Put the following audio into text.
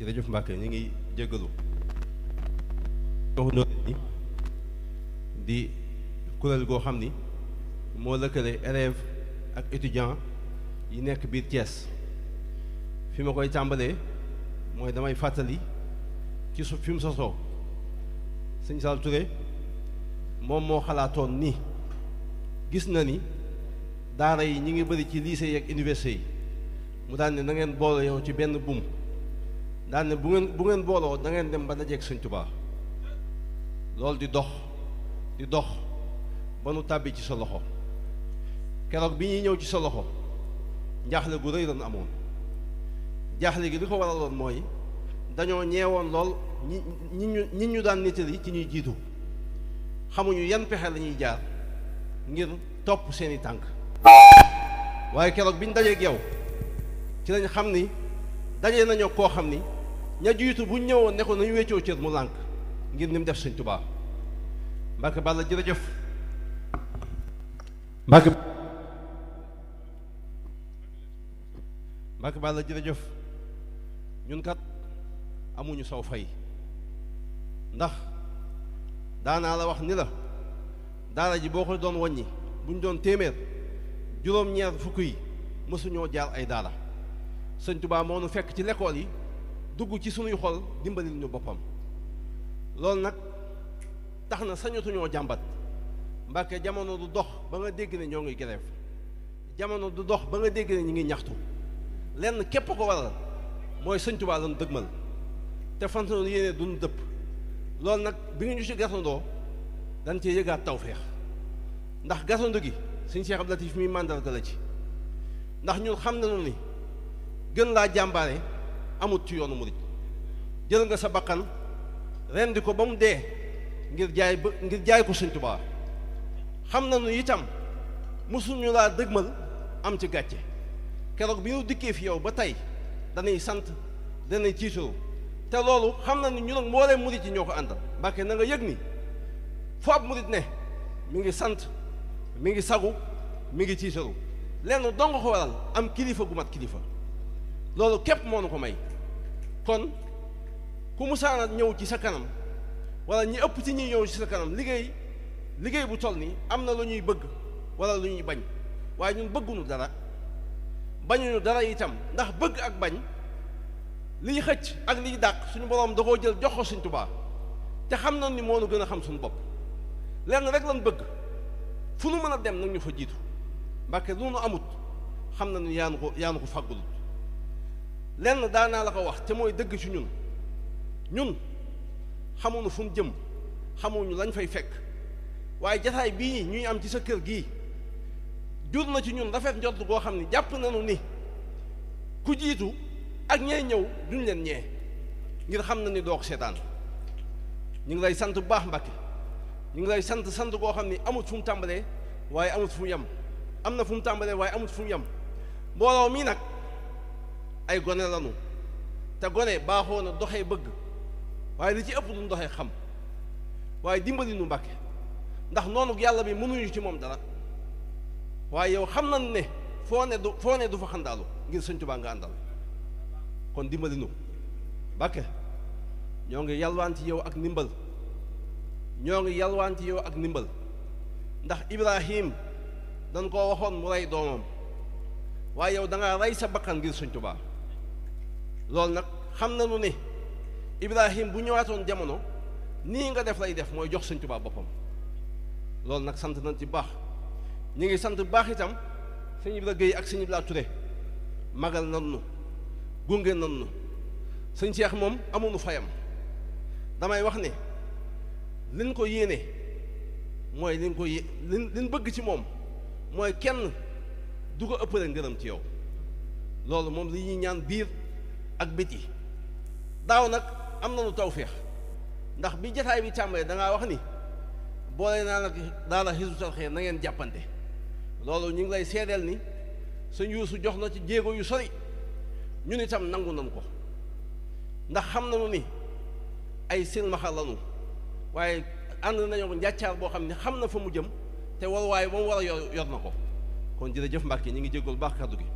jërëjëf Mbacke ñu ngi jégalu di kuréel goo xam ni moo lëkkale élèves ak étudiants yi nekk biir Thiès fi ma koy tàmbalee mooy damay fàttali ci su fi sosoo sëñ Sall Touré moom moo xalaatoon ni gis na ni daara yi ñu ngi bari ci lycée yi ak université yi mu daan ne na ngeen boole yow ci benn buum daan bu ngeen bu ngeen booloo dangeen dem ba dajeeg Sëñ Tuubaa loolu di dox di dox ba nu tàbbi ci sa loxo keroog bi ñuy ñëw ci sa loxo njaaxle gu rëy lan amoon jaaxle gi li ko waraloon mooy dañoo ñeewoon lool ñi ñi ñu ñu daan nettali ci ñuy jiitu xamuñu yan pexe lañuy jaar ngir topp seeni tànk waaye keroog bi ñu dajeeg yow ci lañ xam ni daje nañoo koo xam ni. ña jiitu bu ñëwoon ne ko nañu weccoo cër mu lànk ngir ni mu def sëñ Tuubaa Mbàkke Balla jërëjëf Mbàkke Mbàkke jërëjëf ñun amuñu saw fay ndax daanaa la wax ni la daara ji boo ko doon waññi bu ñu doon téeméer juróom-ñeer fukk yi mësuñoo jaar ay daara sëñ Tuubaa moo nu fekk ci lekkool yi dugg ci sunuy xol dimbalil ñu boppam loolu nag tax na sañatuñoo jàmbat Mbàkke jamono du dox ba nga dégg ne ñoo ngi grève jamono du dox ba nga dégg ne ñu ngi ñaxtu lenn képp ko waral mooy Sëñ Tuubaa lan dëgmal te fantanoon yéene duñu dëpp loolu nag bi nga ñu ci gasandoo dañ cee yëgaat tawféex ndax gasando gi Sëñ Cheikh Abdou Latif mi màndarga la ci ndax ñun xam nañu ni gën laa jàmbare amut ci yoonu murid jël nga sa bakkan rendi ko ba mu dee ngir jaay ba ngir jaay ko Sëñ Tuubaa xam nañu itam mosuñu laa dëgmal am ci gàcce keroog bi ñu dikkee fi yow ba tey danay sant danay ciitaroo te loolu xam na ni ñu nag mboolee murit yi ñoo ko àndal Mbàkke na nga yëg ni foo ab murit ne mi ngi sant mi ngi sagu mi ngi ciitaroo lenn dong ko waral am kilifa gu mat kilifa loolu képp moo nu ko may kon ku musaana ñëw ci sa kanam wala ñi ëpp ci ñi ñëw ci sa kanam liggéey liggéey bu toll ni am na lu ñuy bëgg wala lu ñuy bañ waaye ñun bëgguñu dara bañuñu dara itam ndax bëgg ak bañ liy xëcc ak liy dàq suñu boroom da koo jël jox ko suñ tubaa te xam na ni moo gën a xam suñu bopp lenn rek lan bëgg fu nu mën a dem nag ñu fa jiitu mbàkke lu nu amut xam na ni yaanu ko yaanu ko fàggulut lenn daanaa la ko wax te mooy dëgg ci ñun ñun xamuñu fu jëm xamuñu lañ fay fekk waaye jataay bii ñuy am ci sa kër gii jur na ci ñun rafet njort goo xam ne jàpp nañu ni ku jiitu ak ñee ñëw duñ leen ñee ngir xam na ni doo ko seetaan ñu ngi lay sant bu baax Mbàkke ñu ngi lay sant sant goo xam ni amut fu mu tàmbalee waaye amut fu mu yem am na fu mu tàmbalee waaye amut fu mu yem mbooloo mii nag ay gone lanu te gone baaxoo na doxee bëgg waaye li ci ëpp duñ doxee xam waaye dimbali nu mbàkke ndax noonu yàlla bi mënuñu ci moom dara waaye yow xam nañ ne foo ne du foo ne du fa xandaalu ngir sëñ Tuubaa nga àndal kon dimbali nu mbàkke ñoo ngi yalwaan ci yow ak ndimbal ñoo ngi yalwaan ci yow ak ndimbal ndax Ibrahim dañ ko waxoon mu rey doomam waaye yow da rey sa bakkan ngir sëñ Tuubaa loolu nag xam na nu ne Ibrahim bu ñëwaatoon jamono nii nga def lay def mooy jox Sëñ Tuubaa boppam loolu nag sant nañ ci baax ñu ngi sant bu baax itam sëñ Ibra Gueye ak sëñ Ibra ture magal nan nu gunge nan nu sëñ Cheikh moom amuñu fayam damay wax ne liñ ko yéene mooy liñ ko yé liñ liñ bëgg ci moom mooy kenn du ko ëppale ngërëm ci yow loolu moom li ñuy ñaan biir ak bët yi daaw nag am na lu tawféex ndax bi jataay bi tàmbalee da wax ni boole naa nag daala Hizbut Tarqiyyah na ngeen jàppante loolu ñu ngi lay seedeel ni sëñ Yuusu jox na ci jéego yu sori ñun itam nangu nañ ko ndax xam na nañu ni ay silmaxa lanu waaye ànd nañoo njàccaar boo xam ne xam na fa mu jëm te waaye ba mu war a yor yor na ko kon jërëjëf Mbàkke ñu ngi jégalu baax kàddu gi